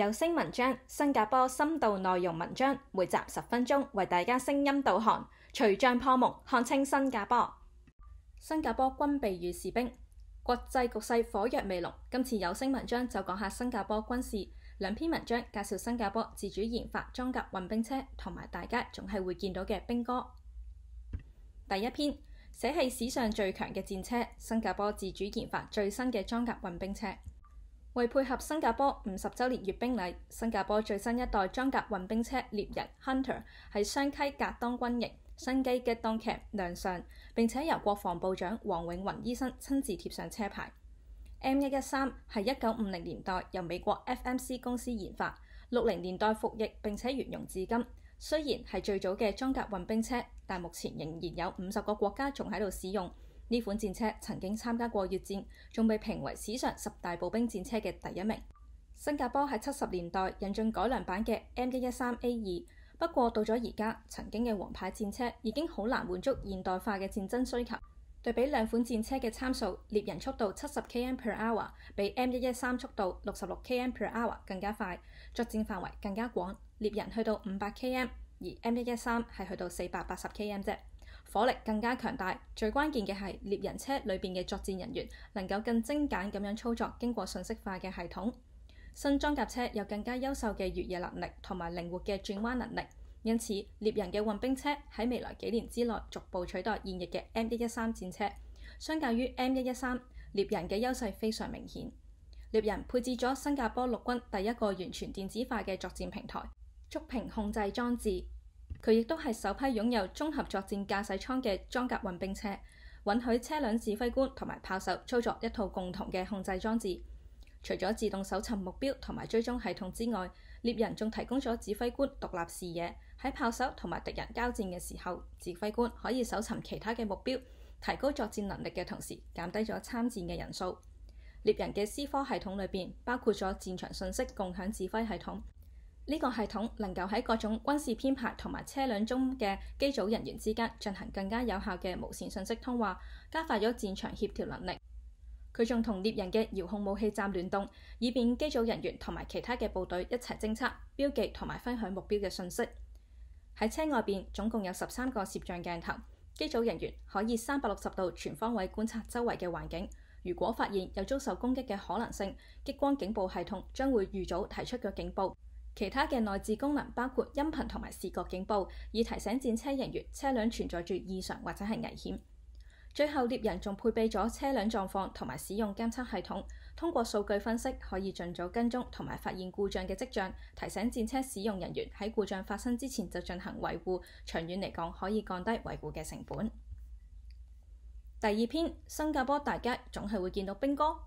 有聲文章，新加坡深度內容文章，每集十分鐘，為大家聲音導航，除障破目，看清新加坡。新加坡軍備與士兵，國際局勢火藥味濃，今次有聲文章就講下新加坡軍事。兩篇文章介紹新加坡自主研發裝甲運兵車，同埋大家仲係會見到嘅兵哥。第一篇寫係史上最強嘅戰車，新加坡自主研發最新嘅裝甲運兵車。為配合新加坡五十週年閱兵禮，新加坡最新一代裝甲運兵車獵人 Hunter 喺雙溪格當軍營 Sungei Gedong Camp 亮相，並且由國防部長黃永雲醫生親自貼上車牌。M 一一三係一九五零年代由美國 FMC 公司研發，六零年代服役並且沿用至今。雖然係最早嘅裝甲運兵車，但目前仍然有五十個國家仲喺度使用。呢款戰車曾經參加過越戰，仲被評為史上十大步兵戰車嘅第一名。新加坡喺七十年代引進改良版嘅 M 一一三 A 二，不過到咗而家，曾經嘅皇牌戰車已經好難滿足現代化嘅戰爭需求。對比兩款戰車嘅參數，獵人速度七十 km per hour，比 M 一一三速度六十六 km per hour 更加快，作戰範圍更加廣。獵人去到五百 km，而 M 一一三係去到四百八十 km 啫。火力更加強大，最關鍵嘅係獵人車裏邊嘅作戰人員能夠更精簡咁樣操作經過信息化嘅系統，新裝甲車有更加優秀嘅越野能力同埋靈活嘅轉彎能力，因此獵人嘅運兵車喺未來幾年之內逐步取代現役嘅 M 一一三戰車。相較於 M 一一三，獵人嘅優勢非常明顯，獵人配置咗新加坡陸軍第一個完全電子化嘅作戰平台觸屏控制裝置。佢亦都係首批擁有綜合作戰駕駛艙嘅裝甲運兵車，允許車輛指揮官同埋炮手操作一套共同嘅控制裝置。除咗自動搜尋目標同埋追蹤系統之外，獵人仲提供咗指揮官獨立視野。喺炮手同埋敵人交戰嘅時候，指揮官可以搜尋其他嘅目標，提高作戰能力嘅同時減低咗參戰嘅人數。獵人嘅 C4 系統裏邊包括咗戰場信息共享指揮系統。呢個系統能夠喺各種軍事編排同埋車輛中嘅機組人員之間進行更加有效嘅無線信息通話，加快咗戰場協調能力。佢仲同獵人嘅遙控武器站聯動，以便機組人員同埋其他嘅部隊一齊偵測、標記同埋分享目標嘅信息。喺車外邊總共有十三個攝像鏡頭，機組人員可以三百六十度全方位觀察周圍嘅環境。如果發現有遭受攻擊嘅可能性，激光警報系統將會預早提出嘅警報。其他嘅內置功能包括音頻同埋視覺警報，以提醒戰車人員車輛存在住異常或者係危險。最後，獵人仲配備咗車輛狀況同埋使用監測系統，通過數據分析可以盡早跟蹤同埋發現故障嘅跡象，提醒戰車使用人員喺故障發生之前就進行維護。長遠嚟講，可以降低維護嘅成本。第二篇，新加坡大街總係會見到兵哥。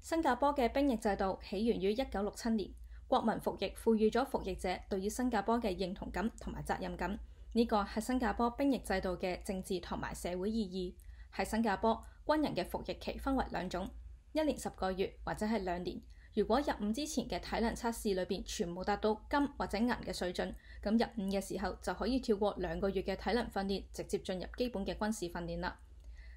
新加坡嘅兵役制度起源於一九六七年。國民服役賦予咗服役者對於新加坡嘅認同感同埋責任感，呢個係新加坡兵役制度嘅政治同埋社會意義。喺新加坡，軍人嘅服役期分為兩種，一年十個月或者係兩年。如果入伍之前嘅體能測試裏面全部達到金或者銀嘅水準，咁入伍嘅時候就可以跳過兩個月嘅體能訓練，直接進入基本嘅軍事訓練啦。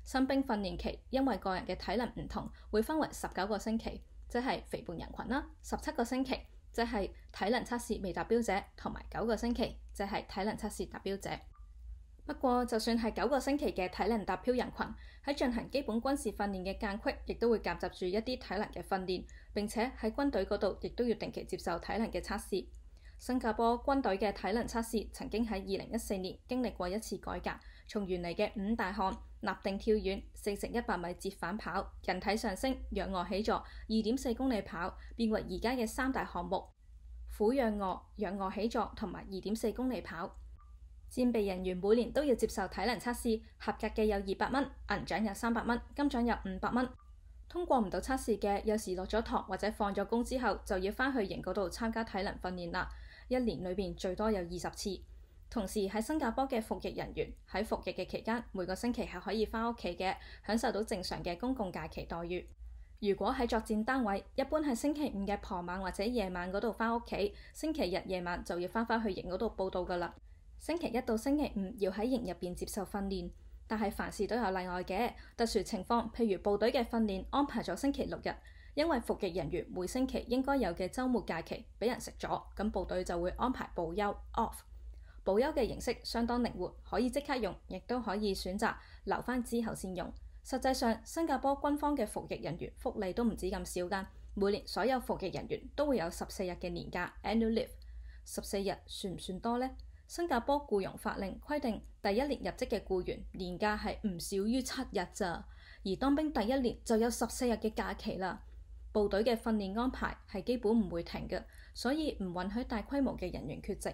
新兵訓練期因為個人嘅體能唔同，會分為十九個星期，即係肥胖人群啦，十七個星期。即係體能測試未達標者，同埋九個星期，即係體能測試達標者。不過，就算係九個星期嘅體能達標人群，喺進行基本軍事訓練嘅間隙，亦都會夾雜住一啲體能嘅訓練，並且喺軍隊嗰度，亦都要定期接受體能嘅測試。新加坡軍隊嘅體能測試曾經喺二零一四年經歷過一次改革，從原嚟嘅五大項立定跳遠、四乘一百米折返跑、人體上升、仰卧起坐、二點四公里跑，變為而家嘅三大項目：俯仰卧、仰卧起坐同埋二點四公里跑。戰備人員每年都要接受體能測試，合格嘅有二百蚊，銀獎 300, 有三百蚊，金獎有五百蚊。通過唔到測試嘅，有時落咗堂或者放咗工之後，就要返去營嗰度參加體能訓練啦。一年裏邊最多有二十次，同時喺新加坡嘅服役人員喺服役嘅期間，每個星期係可以翻屋企嘅，享受到正常嘅公共假期待遇。如果喺作戰單位，一般係星期五嘅傍晚或者夜晚嗰度翻屋企，星期日夜晚就要翻返去營嗰度報到㗎喇。星期一到星期五要喺營入邊接受訓練，但係凡事都有例外嘅，特殊情況譬如部隊嘅訓練安排咗星期六日。因為服役人員每星期應該有嘅周末假期俾人食咗，咁部隊就會安排補休 off。補休嘅形式相當靈活，可以即刻用，亦都可以選擇留返之後先用。實際上，新加坡軍方嘅服役人員福利都唔止咁少㗎。每年所有服役人員都會有十四日嘅年假 annual leave。十四日算唔算多呢？新加坡僱傭法令規定，第一年入職嘅僱員年假係唔少於七日咋，而當兵第一年就有十四日嘅假期啦。部隊嘅訓練安排係基本唔會停嘅，所以唔允許大規模嘅人員缺席。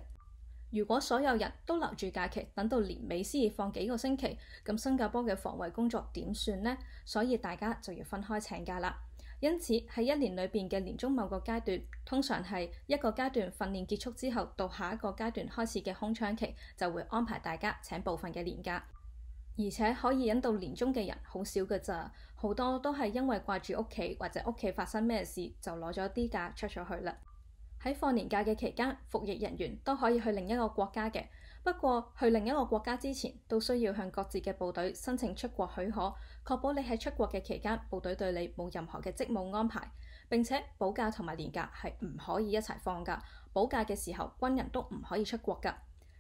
如果所有人都留住假期，等到年尾先至放幾個星期，咁新加坡嘅防衛工作點算呢？所以大家就要分開請假啦。因此喺一年裏邊嘅年終某個階段，通常係一個階段訓練結束之後到下一個階段開始嘅空窗期，就會安排大家請部分嘅年假，而且可以忍到年終嘅人好少㗎咋。好多都係因為掛住屋企或者屋企發生咩事，就攞咗啲假出咗去啦。喺放年假嘅期間，服役人員都可以去另一個國家嘅，不過去另一個國家之前都需要向各自嘅部隊申請出國許可，確保你喺出國嘅期間部隊對你冇任何嘅職務安排，並且保假同埋年假係唔可以一齊放噶。保假嘅時候，軍人都唔可以出國噶。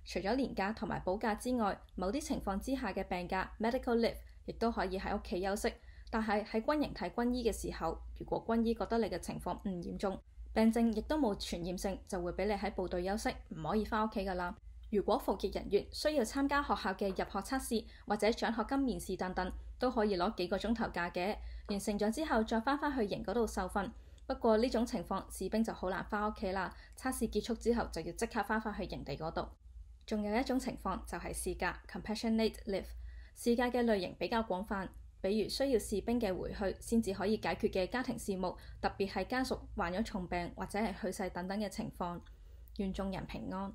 除咗年假同埋保假之外，某啲情況之下嘅病假 （medical leave） 亦都可以喺屋企休息。但係喺軍營睇軍醫嘅時候，如果軍醫覺得你嘅情況唔嚴重，病症，亦都冇傳染性，就會俾你喺部隊休息，唔可以翻屋企噶啦。如果服役人員需要參加學校嘅入學測試或者獎學金面試等等，都可以攞幾個鐘頭假嘅，完成咗之後再翻返去營嗰度受訓。不過呢種情況，士兵就好難翻屋企啦。測試結束之後就要即刻翻返去營地嗰度。仲有一種情況就係、是、試駕 （compassionate l i v e 試駕嘅類型比較廣泛。比如，需要士兵嘅回去先至可以解決嘅家庭事務，特別係家屬患咗重病或者係去世等等嘅情況，願眾人平安。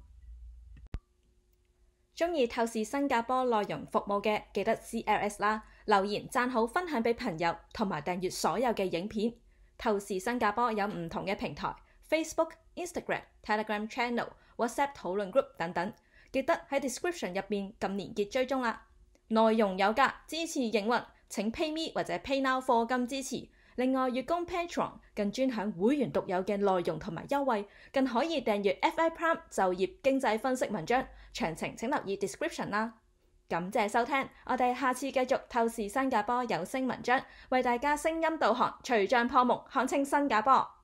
中意透視新加坡內容服務嘅記得 CLS 啦，留言讚好分享俾朋友，同埋訂閱所有嘅影片。透視新加坡有唔同嘅平台，Facebook、Instagram、Telegram Channel、WhatsApp 討論 group 等等，記得喺 description 入邊撳連結追蹤啦。內容有價，支持營運。請 PayMe 或者 PayNow 課金支持，另外月供 Patreon 更專享會員獨有嘅內容同埋優惠，更可以訂閱 FI Prime 就業經濟分析文章，詳情請留意 description 啦。感謝收聽，我哋下次繼續透視新加坡有聲文章，為大家聲音導航，除障破蒙，看清新加坡。